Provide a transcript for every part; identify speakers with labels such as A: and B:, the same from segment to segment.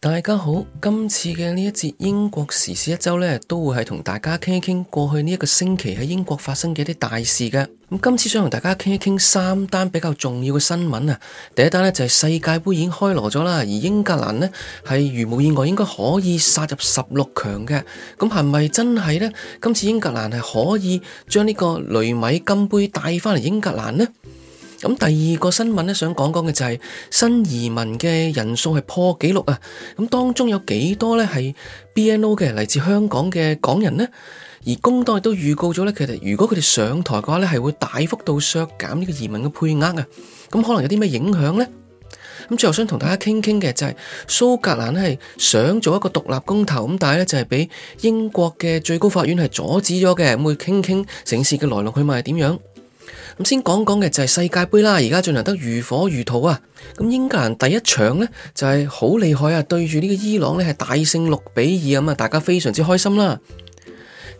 A: 大家好，今次嘅呢一節英國時事一周呢，都會係同大家傾一傾過去呢一個星期喺英國發生嘅一啲大事嘅。咁今次想同大家傾一傾三單比較重要嘅新聞啊。第一單呢，就係世界盃已經開鑼咗啦，而英格蘭呢，係如無意外應該可以殺入十六強嘅。咁係咪真係呢？今次英格蘭係可以將呢個雷米金杯帶翻嚟英格蘭呢？咁第二個新聞咧，想講講嘅就係、是、新移民嘅人數係破紀錄啊！咁當中有幾多咧係 BNO 嘅嚟自香港嘅港人呢？而工黨亦都預告咗咧，其實如果佢哋上台嘅話咧，係會大幅度削減呢個移民嘅配額啊！咁可能有啲咩影響呢？咁最後想同大家傾傾嘅就係、是、蘇格蘭係想做一個獨立公投咁大咧，但係就係俾英國嘅最高法院係阻止咗嘅，咁會傾傾成事嘅來龍去脈係點樣？咁先講講嘅就係世界盃啦，而家進行得如火如荼啊！咁英格蘭第一場咧就係好厲害啊，對住呢個伊朗咧係大勝六比二咁啊，大家非常之開心啦。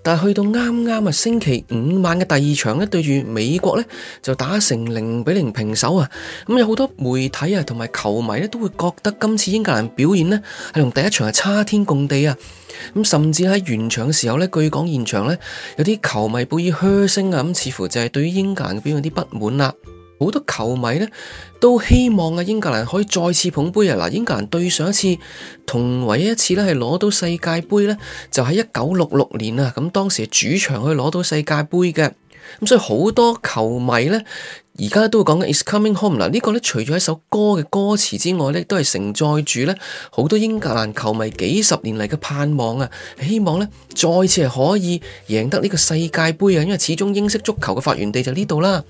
A: 但係去到啱啱啊，星期五晚嘅第二場咧，對住美國呢就打成零比零平手啊！咁、嗯、有好多媒體啊，同埋球迷咧，都會覺得今次英格蘭表現咧，係同第一場係差天共地啊！咁、嗯、甚至喺完場嘅時候咧，據講現場呢有啲球迷報以噓聲啊，咁似乎就係對於英格蘭表現有啲不滿啦。好多球迷咧都希望啊，英格蘭可以再次捧杯啊！嗱，英格蘭對上一次同唯一一次咧係攞到世界杯咧，就喺一九六六年啊！咁當時主場可以攞到世界杯嘅，咁所以好多球迷咧。而家都會講緊 is coming home 嗱呢個呢，除咗一首歌嘅歌詞之外呢，都係承載住呢好多英格蘭球迷幾十年嚟嘅盼望啊！希望呢，再次係可以贏得呢個世界盃啊！因為始終英式足球嘅發源地就呢度啦，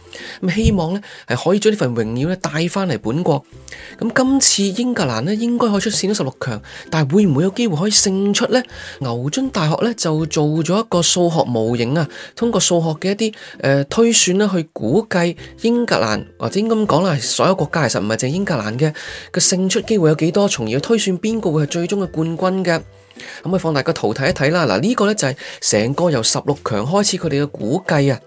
A: 咁希望呢，係可以將呢份榮耀呢帶翻嚟本國。咁今次英格蘭呢，應該可以出線到十六強，但係會唔會有機會可以勝出呢？牛津大學呢，就做咗一個數學模型啊，通過數學嘅一啲、呃、推算呢，去估計英英格蘭或者應該咁講啦，所有國家其實唔係淨係英格蘭嘅，個勝出機會有幾多，從而推算邊個會係最終嘅冠軍嘅。咁可以放大個圖睇一睇啦。嗱，呢個呢就係成個由十六強開始佢哋嘅估計啊。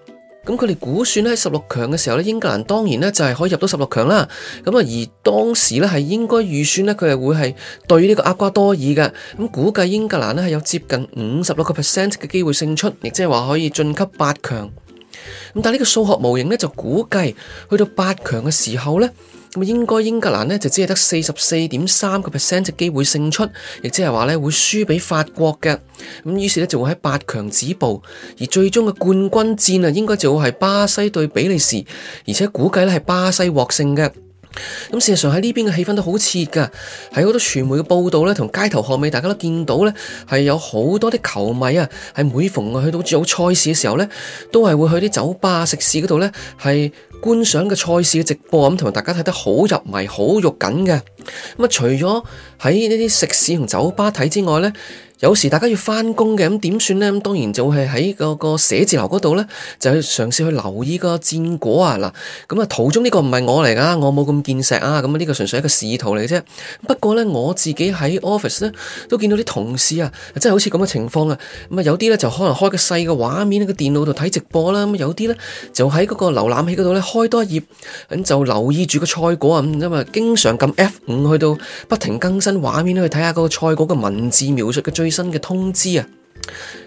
A: 咁佢哋估算咧喺十六強嘅時候呢，英格蘭當然呢就係可以入到十六強啦。咁啊，而當時呢係應該預算呢，佢係會係對呢個厄瓜多爾嘅。咁估計英格蘭呢係有接近五十六個 percent 嘅機會勝出，亦即係話可以晉級八強。咁但係呢個數學模型呢，就估計去到八強嘅時候呢，咁應該英格蘭呢，就只係得四十四點三個 percent 嘅機會勝出，亦即係話呢會輸俾法國嘅。咁於是呢，就會喺八強止步，而最終嘅冠軍戰啊，應該就會係巴西對比利時，而且估計呢係巴西獲勝嘅。咁事實上喺呢邊嘅氣氛都好似噶，喺好多傳媒嘅報道咧，同街頭巷尾，大家都見到咧，係有好多啲球迷啊，係每逢啊去到做賽事嘅時候咧，都係會去啲酒吧、食肆嗰度咧，係觀賞嘅賽事嘅直播咁，同、嗯、埋大家睇得好入迷、好肉緊嘅。咁、嗯、啊，除咗喺呢啲食肆同酒吧睇之外咧。有時大家要返工嘅，咁點算呢？咁當然就係喺個個寫字樓嗰度呢，就去嘗試去留意個戰果啊！嗱，咁、嗯、啊途中呢個唔係我嚟噶，我冇咁見識啊！咁、嗯、呢、這個純粹一個示意圖嚟嘅啫。不過呢，我自己喺 office 呢，都見到啲同事啊，真係好似咁嘅情況啊！咁、嗯、啊有啲呢就可能開個細嘅畫面喺個電腦度睇直播啦，咁、嗯、有啲呢就喺嗰個瀏覽器嗰度呢開多一頁咁就留意住個賽果啊！咁、嗯、啊，為、嗯、經常撳 F 五去到不停更新畫面去睇下嗰個賽果嘅文字描述嘅最。新嘅通知啊！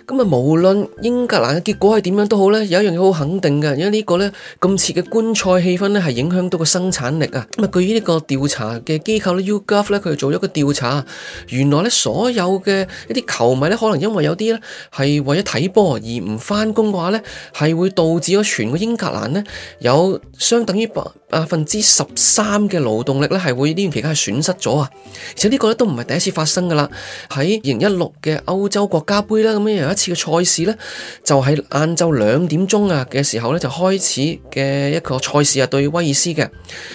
A: 咁啊，無論英格蘭嘅結果係點樣都好咧，有一樣嘢好肯定嘅，因為呢個咧咁切嘅觀賽氣氛咧，係影響到個生產力啊。咁啊，據呢個調查嘅機構咧 YouGov 咧，佢做咗個調查，原來咧所有嘅一啲球迷咧，可能因為有啲咧係為咗睇波而唔翻工，嘅話咧，係會導致咗全個英格蘭咧有相等於百百分之十三嘅勞動力咧係會呢段期間係損失咗啊。而且呢個咧都唔係第一次發生噶啦，喺二零一六嘅歐洲國家盃。咁咧有一次嘅賽事咧，就喺晏晝兩點鐘啊嘅時候咧就開始嘅一個賽事啊，對威爾斯嘅。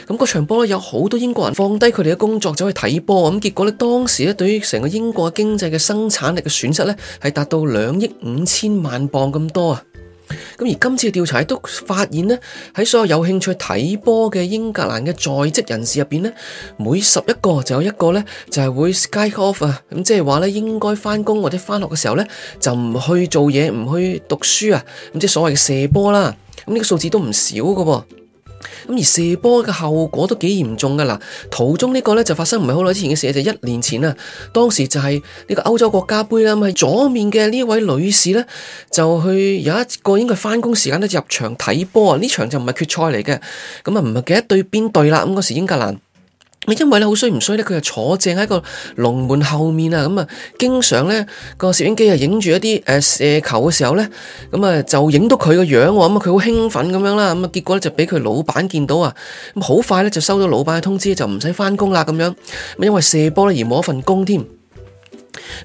A: 咁嗰場波咧有好多英國人放低佢哋嘅工作走去睇波，咁結果咧當時咧對成個英國的經濟嘅生產力嘅損失咧係達到兩億五千萬磅咁多。咁而今次調查都發現咧，喺所有有興趣睇波嘅英格蘭嘅在職人士入邊咧，每十一個就有一個咧就係會 skive off 啊！咁即係話咧應該翻工或者翻學嘅時候咧就唔去做嘢，唔去讀書啊！咁即係所謂嘅射波啦，咁呢個數字都唔少噶喎。咁而射波嘅後果都幾嚴重噶啦，途中呢個咧就發生唔係好耐之前嘅事，就一年前啊，當時就係呢個歐洲國家杯啦，咁係左面嘅呢位女士咧就去有一個應該係翻工時間咧入場睇波啊，呢場就唔係決賽嚟嘅，咁啊唔係記得對邊隊啦，咁嗰時英格蘭。因為咧好衰唔衰咧，佢就坐正喺個龍門後面啊，咁啊，經常咧個攝影機啊影住一啲誒射球嘅時候咧，咁啊就影到佢個樣，咁啊佢好興奮咁樣啦，咁啊結果咧就俾佢老闆見到啊，咁好快咧就收到老闆嘅通知，就唔使翻工啦咁樣，咪因為射波咧而冇一份工添。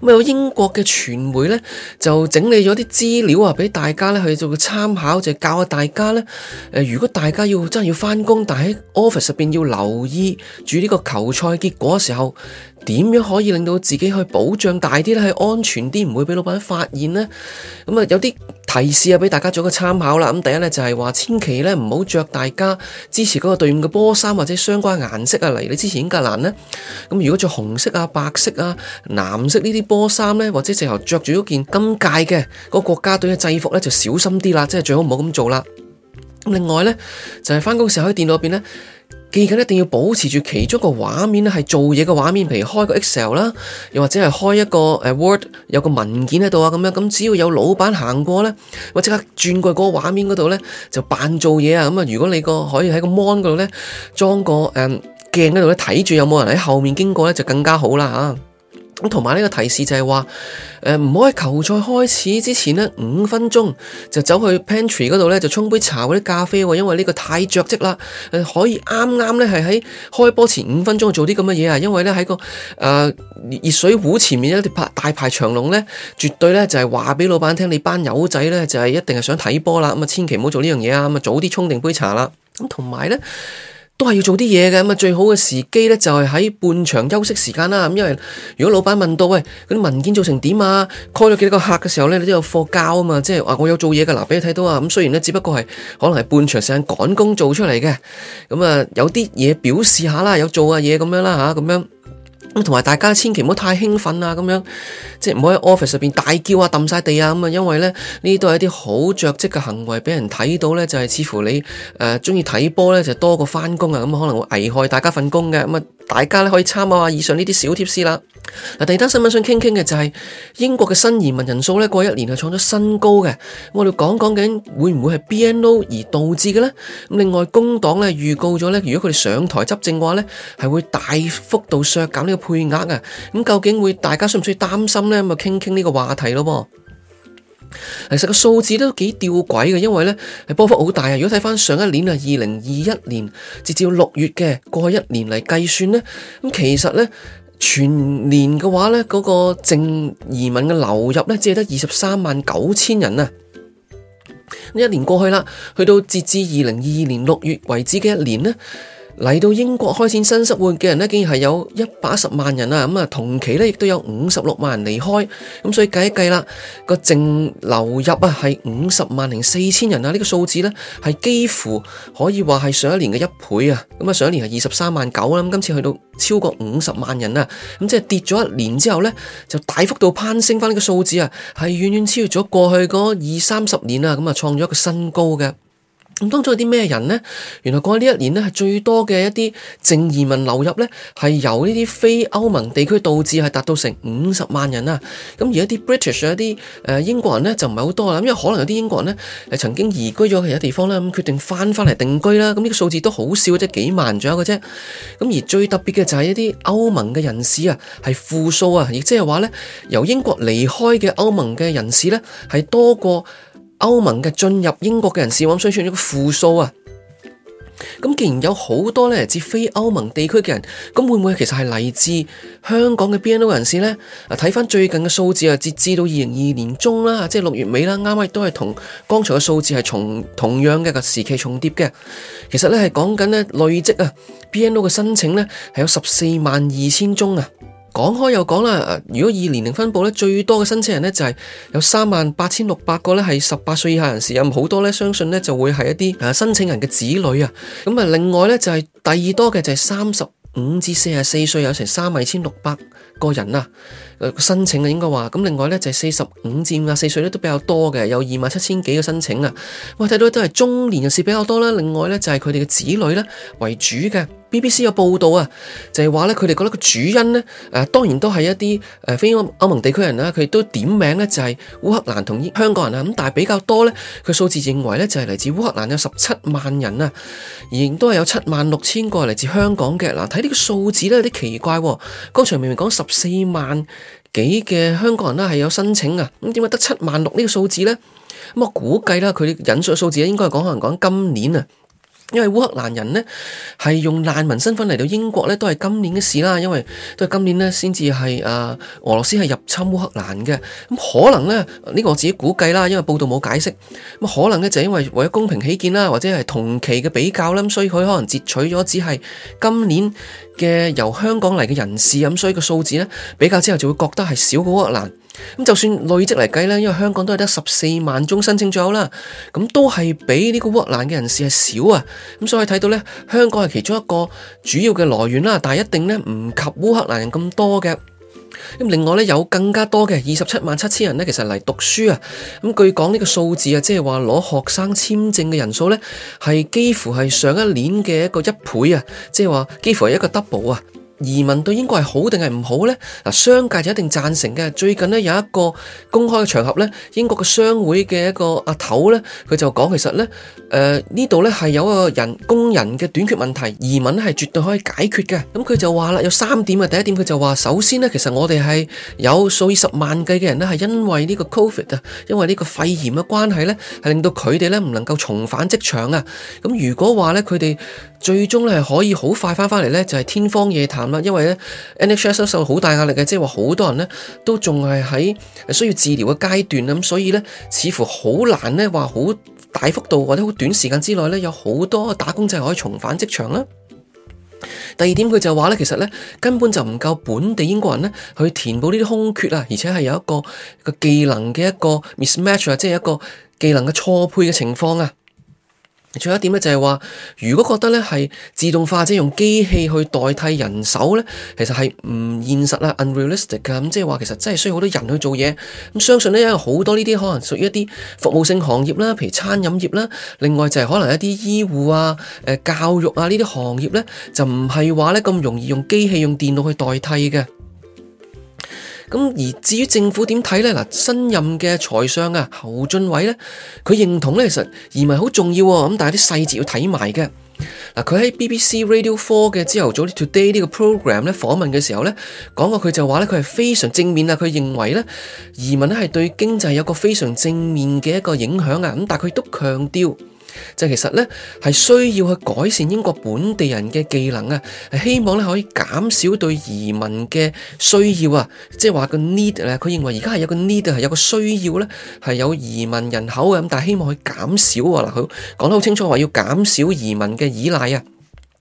A: 咁有英國嘅傳媒呢，就整理咗啲資料啊，俾大家咧去做參考，就教下大家呢。誒，如果大家真要真係要翻工，但喺 office 入邊要留意住呢個球賽結果嘅時候，點樣可以令到自己去保障大啲呢？係安全啲，唔會俾老闆發現呢。咁啊，有啲。提示啊，俾大家做一個參考啦。咁第一呢，就係話，千祈呢唔好着大家支持嗰個隊伍嘅波衫或者相關顏色啊。例如你支持英格蘭呢。咁如果着紅色啊、白色啊、藍色呢啲波衫呢，或者之後着住咗件金戒嘅個國家隊嘅制服呢，就小心啲啦，即係最好唔好咁做啦。咁另外呢，就係翻工嘅時候喺電腦入邊呢。記緊一定要保持住其中一個畫面係做嘢嘅畫面，譬如開個 Excel 啦，又或者係開一個 Word 有個文件喺度啊，咁樣咁，只要有老闆行過咧，我即刻轉過嗰個畫面嗰度咧，就扮做嘢啊！咁啊，如果你個可以喺個 Mon 嗰度咧裝個誒、嗯、鏡喺度咧睇住有冇人喺後面經過咧，就更加好啦吓。咁同埋呢個提示就係話，誒唔好喺球賽開始之前呢五分鐘就走去 pantry 嗰度呢，就沖杯茶或者咖啡喎、呃，因為呢個太着跡啦。可以啱啱呢係喺開波前五分鐘做啲咁嘅嘢啊，因為呢喺個誒熱水壺前面一排大排長龍呢，絕對呢就係話俾老闆聽，你班友仔呢，就係、是、一定係想睇波啦。咁、嗯、啊千祈唔好做呢樣嘢啊，咁、嗯、啊早啲沖定杯茶啦。咁同埋呢。都係要做啲嘢嘅咁啊，最好嘅時機咧就係喺半場休息時間啦。咁因為如果老闆問到喂，嗰啲文件做成點啊，call 咗幾多個客嘅時候咧，你都有課交啊嘛。即係話、啊、我有做嘢嘅嗱，俾你睇到啊。咁雖然咧，只不過係可能係半場時間趕工做出嚟嘅。咁、嗯、啊，有啲嘢表示下啦，有做啊嘢咁樣啦吓，咁樣。啊咁同埋大家千祈唔好太興奮啊！咁樣即係唔好喺 office 入邊大叫啊、抌晒地啊咁啊，因為咧呢啲都係一啲好着職嘅行為，俾人睇到咧就係、是、似乎你誒中意睇波咧就多過翻工啊，咁可能會危害大家份工嘅咁啊。大家咧可以參考下以上呢啲小貼士啦。嗱，第二單新聞想傾傾嘅就係英國嘅新移民人數咧過一年係創咗新高嘅。我哋講講究竟會唔會係 BNO 而導致嘅咧？咁另外工黨咧預告咗咧，如果佢哋上台執政嘅話咧，係會大幅度削減呢個配額啊。咁究竟會大家需唔需要擔心咧？咁啊傾傾呢個話題咯。其實個數字都幾吊詭嘅，因為呢係波幅好大啊！如果睇翻上一年啊，二零二一年截至六月嘅過去一年嚟計算呢。咁其實呢，全年嘅話呢，嗰、那個淨移民嘅流入呢，只係得二十三萬九千人啊！呢一年過去啦，去到截至二零二二年六月為止嘅一年呢。嚟到英國開展新生活嘅人咧，竟然係有一百一十萬人啊！咁啊，同期咧亦都有五十六萬人離開，咁所以計一計啦，個淨流入啊係五十萬零四千人啊！呢個數字咧係幾乎可以話係上一年嘅一倍啊！咁啊，上一年係二十三萬九啦，咁今次去到超過五十萬人啊！咁即係跌咗一年之後咧，就大幅度攀升翻呢個數字啊，係遠遠超越咗過去嗰二三十年啊！咁啊，創咗一個新高嘅。咁當中有啲咩人呢？原來過去呢一年呢，係最多嘅一啲淨移民流入呢，係由呢啲非歐盟地區導致係達到成五十萬人啊！咁而一啲 British 一啲誒英國人呢，就唔係好多啦，因為可能有啲英國人呢，係曾經移居咗其他地方啦，咁決定翻翻嚟定居啦。咁呢個數字都好少嘅啫，幾萬左右嘅啫。咁而最特別嘅就係一啲歐盟嘅人士啊，係負數啊，亦即係話呢，由英國離開嘅歐盟嘅人士呢，係多過歐盟嘅進入英國嘅人士，咁所以出現咗個負數啊！咁既然有好多咧嚟自非歐盟地區嘅人，咁會唔會其實係嚟自香港嘅 BNO 人士呢？啊，睇翻最近嘅數字啊，截至到二零二二年中啦，即係六月尾啦，啱啱亦都係同剛才嘅數字係重同樣嘅個時期重疊嘅。其實呢係講緊呢累積啊，BNO 嘅申請呢係有十四萬二千宗啊。講開又講啦，如果以年齡分布咧，最多嘅申請人咧就係有三萬八千六百個咧，係十八歲以下人士，有好多咧，相信咧就會係一啲誒申請人嘅子女啊。咁啊，另外咧就係第二多嘅就係三十五至四十四歲，有成三萬二千六百個人啊，申請啊應該話。咁另外咧就係四十五至五十四歲咧都比較多嘅，有二萬七千幾個申請啊。哇，睇到都係中年人士比較多啦，另外咧就係佢哋嘅子女啦為主嘅。BBC 有報道啊，就係話咧，佢哋覺得個主因咧，誒當然都係一啲誒非歐盟地區人啦，佢都點名咧就係烏克蘭同香港人啊，咁但係比較多咧，佢數字認為咧就係嚟自烏克蘭有十七萬人啊，而亦都係有七萬六千個嚟自香港嘅嗱，睇呢個數字咧有啲奇怪喎，剛才明明講十四萬幾嘅香港人啦係有申請啊，咁點解得七萬六呢個數字咧？咁我估計啦，佢引述數字咧應該係講可能講今年啊。因為烏克蘭人呢係用難民身份嚟到英國呢都係今年嘅事啦。因為都係今年呢先至係啊俄羅斯係入侵烏克蘭嘅，咁、嗯、可能呢、呢、呢個我自己估計啦，因為報道冇解釋，咁、嗯、可能呢，就係、因為為咗公平起見啦，或者係同期嘅比較啦、嗯，所以佢可能截取咗只係今年嘅由香港嚟嘅人士，咁所以個數字呢，比較之後就會覺得係少過烏克蘭。咁就算累積嚟計呢，因為香港都係得十四萬宗申請左右啦，咁都係比呢個烏克蘭嘅人士係少啊。咁所以睇到呢，香港係其中一個主要嘅來源啦，但係一定呢唔及烏克蘭人咁多嘅。另外咧，有更加多嘅二十七萬七千人咧，其實嚟讀書啊，咁據講呢個數字啊，即係話攞學生簽證嘅人數咧，係幾乎係上一年嘅一個一倍啊，即係話幾乎係一個 double 啊。移民對英國係好定係唔好呢？嗱，商界就一定贊成嘅。最近呢，有一個公開嘅場合咧，英國嘅商會嘅一個阿頭呢，佢就講其實咧，誒呢度呢，係、呃、有一個人工人嘅短缺問題，移民係絕對可以解決嘅。咁佢就話啦，有三點啊。第一點佢就話，首先呢，其實我哋係有數以十萬計嘅人呢，係因為呢個 COVID 啊，因為呢個肺炎嘅關係呢，係令到佢哋呢唔能夠重返職場啊。咁如果話呢，佢哋最終咧係可以好快翻返嚟咧，就係天方夜譚啦。因為咧，NHS 都受好大壓力嘅，即係話好多人咧都仲係喺需要治療嘅階段咁，所以咧似乎好難咧話好大幅度或者好短時間之內咧有好多打工仔可以重返職場啦。第二點佢就話咧，其實咧根本就唔夠本地英國人咧去填補呢啲空缺啊，而且係有一個個技能嘅一個 mismatch, 即係一個技能嘅錯配嘅情況啊。仲有一點咧，就係話，如果覺得咧係自動化即係、就是、用機器去代替人手咧，其實係唔現實啊，unrealistic 啊，咁即係話其實真係需要好多人去做嘢。咁相信咧，因為好多呢啲可能屬於一啲服務性行業啦，譬如餐飲業啦，另外就係可能一啲醫護啊、誒教育啊呢啲行業咧，就唔係話咧咁容易用機器用電腦去代替嘅。咁而至於政府點睇呢？嗱，新任嘅財相啊，侯俊偉咧，佢認同呢，其實移民好重要喎。咁但係啲細節要睇埋嘅。嗱，佢喺 BBC Radio Four 嘅朝頭早啲 Today 呢個 program 咧訪問嘅時候呢，講過佢就話呢，佢係非常正面啊。佢認為呢，移民咧係對經濟有個非常正面嘅一個影響啊。咁但係佢都強調，就其實呢，係需要去改善英國本地人嘅技能啊，係希望呢可以減少對移民嘅需要啊，即係話個 need 呢，佢認為而家係有個 need 係有個需要呢，係有移民人口嘅，咁但係希望去減少啊，嗱佢講得好清楚話要減少移民嘅依賴啊。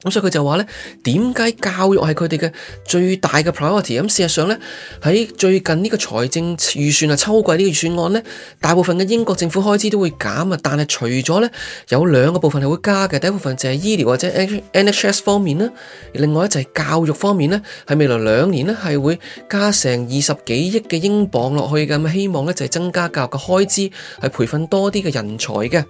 A: 咁所以佢就話呢點解教育係佢哋嘅最大嘅 priority？咁、嗯、事實上呢，喺最近呢個財政預算啊，秋季呢個預算案呢，大部分嘅英國政府開支都會減啊，但係除咗呢，有兩個部分係會加嘅，第一部分就係醫療或者 NHS 方面啦，另外就係教育方面呢，喺未來兩年呢係會加成二十幾億嘅英鎊落去嘅，咁希望呢就係、是、增加教育嘅開支，係培訓多啲嘅人才嘅。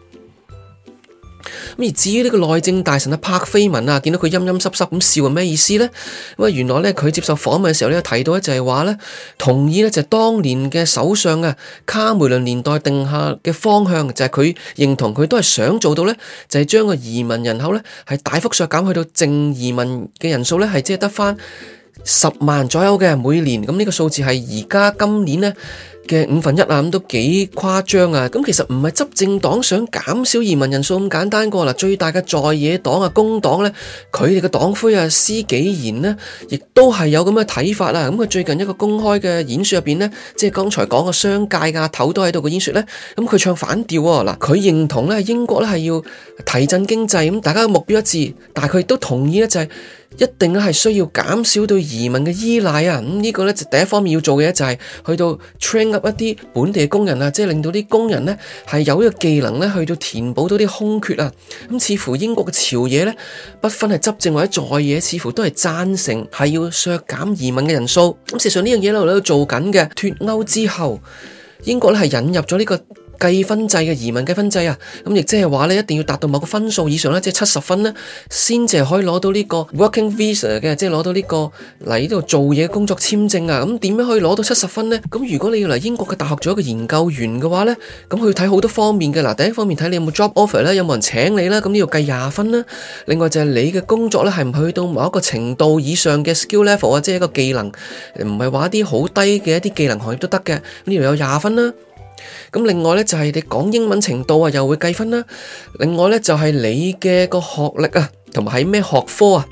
A: 咁而至於呢個內政大臣阿柏菲文啊，見到佢陰陰濕濕咁笑，係咩意思呢？咁啊，原來咧佢接受訪問嘅時候咧，提到咧就係話咧，同意咧就係當年嘅首相啊卡梅倫年代定下嘅方向，就係、是、佢認同佢都係想做到咧，就係將個移民人口咧係大幅削減，去到淨移民嘅人數咧係即係得返十萬左右嘅每年，咁、這、呢個數字係而家今年咧嘅五分一啊，咁都幾誇張啊！咁其實唔係執政黨想減少移民人數咁簡單㗎啦，最大嘅在野黨啊工黨呢，佢哋嘅黨魁啊施紀賢呢，亦都係有咁嘅睇法啦。咁佢最近一個公開嘅演說入邊呢，即係剛才講嘅商界啊，頭都喺度嘅演說呢，咁佢唱反調啊嗱，佢認同呢英國呢係要提振經濟，咁大家目標一致，但係佢亦都同意呢就係、是。一定咧係需要減少對移民嘅依賴啊！咁、嗯、呢、呢個呢，就第一方面要做嘅就係、係、去到 train up 一啲本地嘅工人啊，即係令到啲工人呢係有呢個技能呢，去到填補到啲空缺啊！咁、嗯、似乎英國嘅朝野呢，不分係執政或者在野，似乎都係贊成係要削減移民嘅人數。咁、嗯、事實上呢樣嘢咧喺度做緊嘅，脫歐之後英國呢係引入咗呢、呢個。計分制嘅移民計分制啊，咁亦即係話咧，一定要達到某個分數以上咧，即係七十分咧，先至係可以攞到呢個 working visa 嘅，即係攞到呢個嚟呢度做嘢工作簽證啊。咁點樣可以攞到七十分呢？咁如果你要嚟英國嘅大學做一個研究員嘅話呢，咁去睇好多方面嘅。嗱，第一方面睇你有冇 job offer 咧，有冇人請你啦，咁呢度計廿分啦。另外就係你嘅工作呢，係唔去到某一個程度以上嘅 skill level 啊，即係一個技能，唔係話啲好低嘅一啲技能行業都得嘅。呢度有廿分啦。咁另外呢，就係、是、你講英文程度啊，又會計分啦。另外呢，就係、是、你嘅個學歷啊，同埋喺咩學科啊，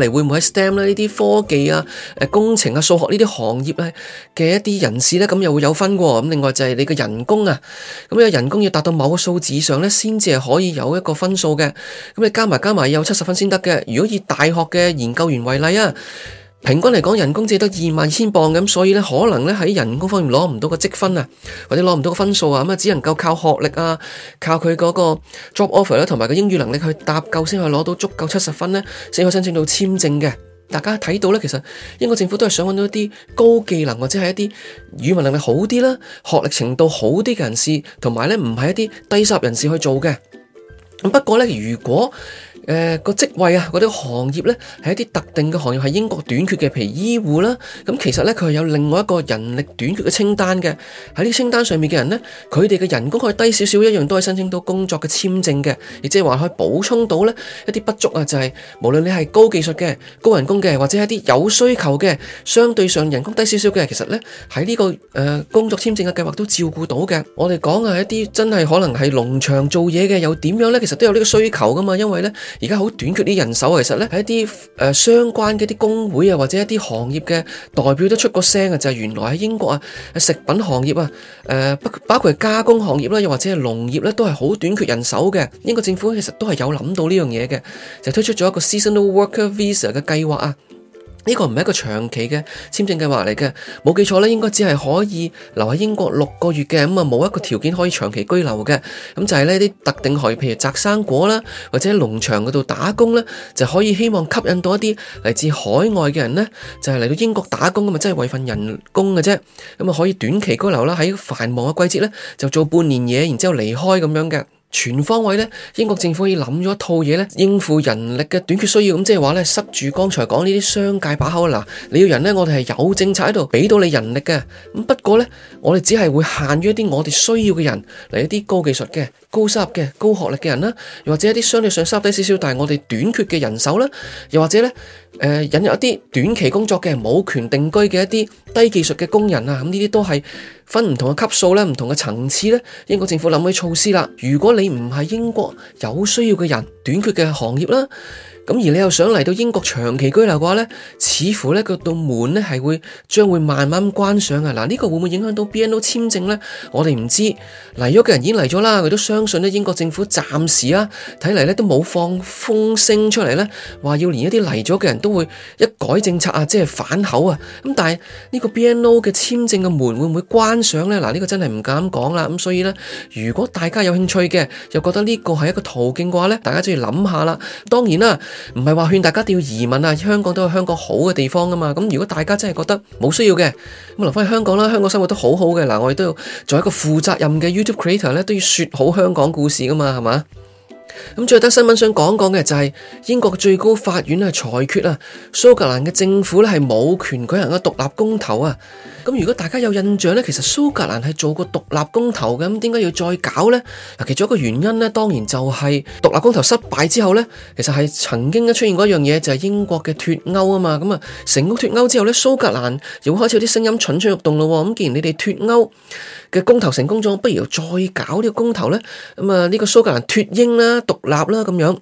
A: 你會唔會喺 STEM 呢啲科技啊、誒工程啊、數學呢啲行業咧、啊、嘅一啲人士呢？咁又會有分喎、啊。咁另外就係你嘅人工啊，咁有人工要達到某個數字上呢，先至係可以有一個分數嘅。咁你加埋加埋有七十分先得嘅。如果以大學嘅研究員為例啊。平均嚟講，人工只係得二萬二千鎊咁，所以咧可能咧喺人工方面攞唔到個積分啊，或者攞唔到個分數啊，咁啊只能夠靠學歷啊，靠佢嗰個 job offer 咧，同埋個英語能力去搭夠先可以攞到足夠七十分咧，先可以申請到簽證嘅。大家睇到咧，其實英國政府都係想揾到一啲高技能或者係一啲語文能力好啲啦、學歷程度好啲嘅人士，同埋咧唔係一啲低收入人士去做嘅。咁不過咧，如果誒個、呃、職位啊，嗰啲行業呢，係一啲特定嘅行業，係英國短缺嘅，譬如醫護啦。咁其實呢，佢係有另外一個人力短缺嘅清單嘅。喺呢清單上面嘅人呢，佢哋嘅人工可以低少少，一樣都可以申請到工作嘅簽證嘅。亦即係話可以補充到呢一啲不足啊，就係、是、無論你係高技術嘅、高人工嘅，或者係啲有需求嘅，相對上人工低少少嘅，其實呢，喺呢、這個誒、呃、工作簽證嘅計劃都照顧到嘅。我哋講啊，一啲真係可能係農場做嘢嘅又點樣呢？其實都有呢個需求㗎嘛，因為呢。而家好短缺啲人手，其實咧係一啲誒、呃、相關嘅一啲工會啊，或者一啲行業嘅代表都出個聲出過聲啊，就係、是、原來喺英國啊，食品行業啊，誒、呃、包括加工行業啦、啊，又或者係農業咧、啊，都係好短缺人手嘅。英國政府其實都係有諗到呢樣嘢嘅，就是、推出咗一個 seasonal worker visa 嘅計劃啊。呢個唔係一個長期嘅簽證計劃嚟嘅，冇記錯咧，應該只係可以留喺英國六個月嘅咁啊，冇一個條件可以長期居留嘅。咁就係呢啲特定行業，譬如摘生果啦，或者農場嗰度打工咧，就可以希望吸引到一啲嚟自海外嘅人咧，就係、是、嚟到英國打工咁啊，真係為份人工嘅啫，咁啊可以短期居留啦，喺繁忙嘅季節咧就做半年嘢，然之後離開咁樣嘅。全方位呢，英國政府已經諗咗一套嘢咧，應付人力嘅短缺需要，咁即係話呢，塞住剛才講呢啲商界把口。嗱，你要人呢，我哋係有政策喺度俾到你人力嘅，咁不過呢，我哋只係會限於一啲我哋需要嘅人，嚟一啲高技術嘅。高收入嘅、高學歷嘅人啦，又或者一啲相對上收入低少少，但係我哋短缺嘅人手啦，又或者呢誒、呃、引入一啲短期工作嘅、冇權定居嘅一啲低技術嘅工人啊，咁呢啲都係分唔同嘅級數咧、唔同嘅層次咧，英國政府諗起措施啦。如果你唔係英國有需要嘅人、短缺嘅行業啦。咁而你又想嚟到英國長期居留嘅話呢，似乎呢個道門呢係會將會慢慢關上啊！嗱，呢個會唔會影響到 BNO 簽證呢？我哋唔知。嚟咗嘅人已經嚟咗啦，佢都相信呢英國政府暫時啊，睇嚟呢都冇放風聲出嚟呢。話要連一啲嚟咗嘅人都會一改政策啊，即係反口啊！咁但係呢個 BNO 嘅簽證嘅門會唔會關上呢？嗱，呢個真係唔敢講啦！咁所以呢，如果大家有興趣嘅，又覺得呢個係一個途徑嘅話呢，大家就要諗下啦。當然啦。唔係話勸大家都要移民啊，香港都有香港好嘅地方噶嘛。咁如果大家真係覺得冇需要嘅，咁留翻喺香港啦，香港生活都好好嘅。嗱、呃，我哋都要做一個負責任嘅 YouTube Creator 咧，都要說好香港故事噶嘛，係嘛？咁最得新聞想講講嘅就係、是、英國最高法院啊裁決啊，蘇格蘭嘅政府咧係冇權舉行一個獨立公投啊。咁如果大家有印象咧，其實蘇格蘭係做過獨立公投嘅，咁點解要再搞咧？嗱，其中一個原因咧，當然就係獨立公投失敗之後咧，其實係曾經咧出現過一樣嘢，就係、是、英國嘅脫歐啊嘛。咁啊，成功脫歐之後咧，蘇格蘭又開始有啲聲音蠢蠢欲動咯。咁既然你哋脫歐嘅公投成功咗，不如再搞呢個公投咧？咁、嗯、啊、呢、這個蘇格蘭脫英啦、獨立啦咁樣。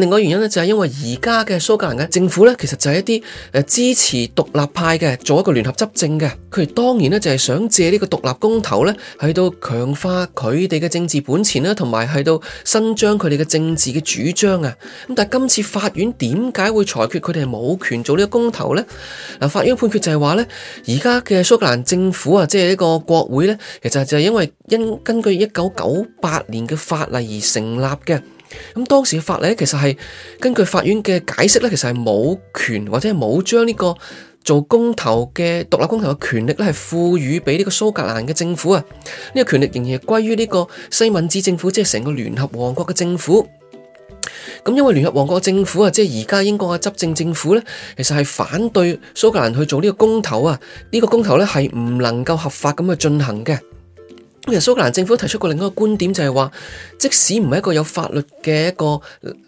A: 另外原因咧，就係因為而家嘅蘇格蘭嘅政府咧，其實就係一啲誒支持獨立派嘅，做一個聯合執政嘅。佢當然咧就係想借呢個獨立公投咧，喺度強化佢哋嘅政治本錢啦，同埋喺度伸張佢哋嘅政治嘅主張啊。咁但係今次法院點解會裁決佢哋係冇權做呢個公投呢？嗱，法院判決就係話咧，而家嘅蘇格蘭政府啊，即係呢個國會咧，其實就係因為因根據一九九八年嘅法例而成立嘅。咁當時嘅法例其實係根據法院嘅解釋咧，其實係冇權或者係冇將呢個做公投嘅獨立公投嘅權力咧，係賦予俾呢個蘇格蘭嘅政府啊。呢個權力仍然係歸於呢個西敏寺政府，即係成個聯合王國嘅政府。咁因為聯合王國政府啊，即係而家英國嘅執政政府咧，其實係反對蘇格蘭去做呢個公投啊。呢個公投咧係唔能夠合法咁去進行嘅。其實蘇格蘭政府提出過另一個觀點，就係話，即使唔係一個有法律嘅一個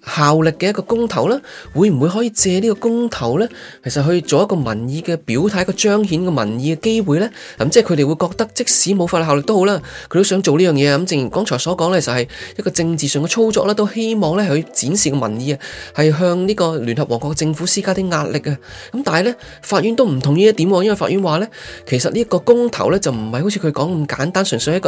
A: 效力嘅一個公投咧，會唔會可以借呢個公投呢？其實去做一個民意嘅表態，一個彰顯個民意嘅機會呢？咁、嗯、即係佢哋會覺得，即使冇法律效力都好啦，佢都想做呢樣嘢。咁正如剛才所講呢，就係一個政治上嘅操作呢，都希望呢去展示個民意啊，係向呢個聯合王國政府施加啲壓力啊。咁、嗯、但係呢，法院都唔同意一點，因為法院話呢，其實呢個公投呢，就唔係好似佢講咁簡單，純粹一個。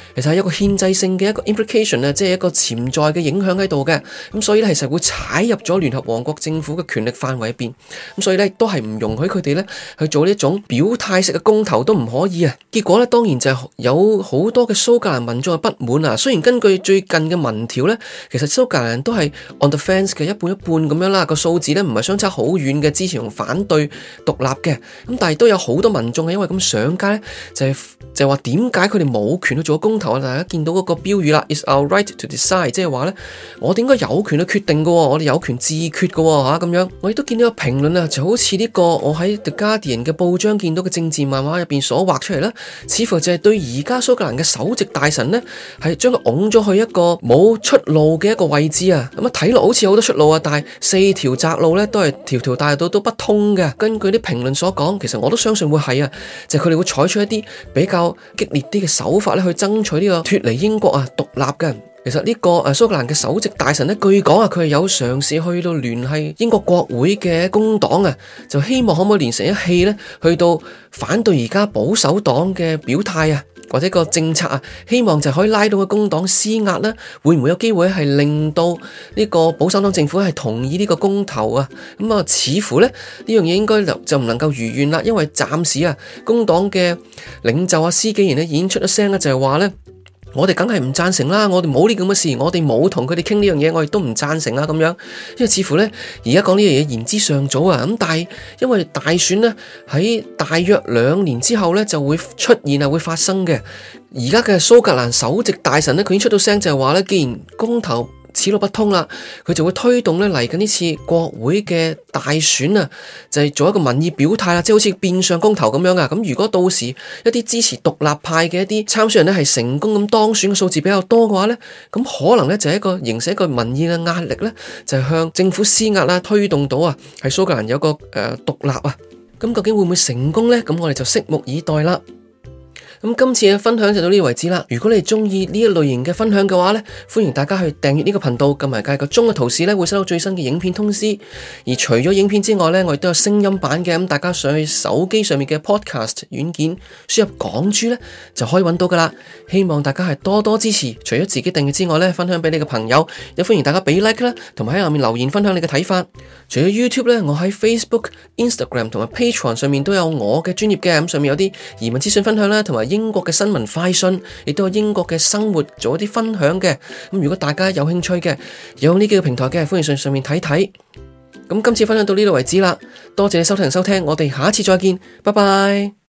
A: 其實係一個憲制性嘅一個 implication 啊，即係一個潛在嘅影響喺度嘅，咁所以咧其實會踩入咗聯合王國政府嘅權力範圍入邊，咁所以咧都係唔容許佢哋咧去做呢一種表態式嘅公投都唔可以啊！結果咧當然就係有好多嘅蘇格蘭民眾嘅不滿啊！雖然根據最近嘅民調咧，其實蘇格蘭都係 on the fence 嘅一半一半咁樣啦，個數字咧唔係相差好遠嘅支持同反對獨立嘅，咁但係都有好多民眾係，因為咁上街咧就係、就係、就話點解佢哋冇權去做公頭大家見到嗰個標語啦，is our right to decide，即係話呢，我哋應該有權去決定嘅，我哋有權自決嘅嚇咁樣。我亦都見到一個評論啊，就好似呢個我喺 The Guardian 嘅報章見到嘅政治漫畫入邊所畫出嚟咧，似乎就係對而家蘇格蘭嘅首席大臣呢，係將佢擋咗去一個冇出路嘅一個位置啊！咁啊，睇落好似好多出路啊，但係四條窄路呢，都係條條大道都不通嘅。根據啲評論所講，其實我都相信會係啊，就係佢哋會採取一啲比較激烈啲嘅手法咧去爭取。佢呢個脫離英國啊，獨立嘅，其實呢個誒蘇格蘭嘅首席大臣咧，據講，佢係有嘗試去到聯繫英國國會嘅工黨，就希望可唔可以連成一氣，去到反對而家保守黨嘅表態。或者個政策啊，希望就可以拉到個工黨施壓咧，會唔會有機會係令到呢個保守黨政府係同意呢個公投啊？咁、嗯、啊，似乎咧呢樣嘢應該就唔能夠如願啦，因為暫時啊，工黨嘅領袖啊、施紀賢咧已經出咗聲啦，就係話咧。我哋梗係唔贊成啦，我哋冇呢咁嘅事，我哋冇同佢哋傾呢樣嘢，我哋都唔贊成啦咁樣，因為似乎咧而家講呢樣嘢言之尚早啊，咁但係因為大選咧喺大約兩年之後咧就會出現啊，會發生嘅，而家嘅蘇格蘭首席大臣咧，佢已經出到聲就係話咧，既然公投。此路不通啦，佢就會推動咧嚟緊呢次國會嘅大選啊，就係做一個民意表態啦，即係好似變相公投咁樣啊。咁如果到時一啲支持獨立派嘅一啲參選人咧係成功咁當選嘅數字比較多嘅話咧，咁可能咧就係一個形成一個民意嘅壓力咧，就係向政府施壓啦，推動到啊，喺蘇格蘭有個誒獨立啊。咁究竟會唔會成功咧？咁我哋就拭目以待啦。咁今次嘅分享就到呢個為止啦。如果你哋中意呢一類型嘅分享嘅話呢，歡迎大家去訂閱呢個頻道，撳埋隔籬個鐘嘅圖示呢，會收到最新嘅影片通知。而除咗影片之外呢，我亦都有聲音版嘅。咁大家上去手機上面嘅 Podcast 軟件輸入港豬呢，就可以揾到噶啦。希望大家係多多支持。除咗自己訂閱之外呢，分享俾你嘅朋友，亦歡迎大家俾 like 啦，同埋喺下面留言分享你嘅睇法。除咗 YouTube 呢，我喺 Facebook、Instagram 同埋 Patreon 上面都有我嘅專頁嘅。咁上面有啲移民資訊分享啦，同埋。英國嘅新聞快訊，亦都有英國嘅生活做一啲分享嘅。咁如果大家有興趣嘅，有呢幾個平台嘅，歡迎上上面睇睇。咁今次分享到呢度為止啦，多謝你收聽收聽，我哋下一次再見，拜拜。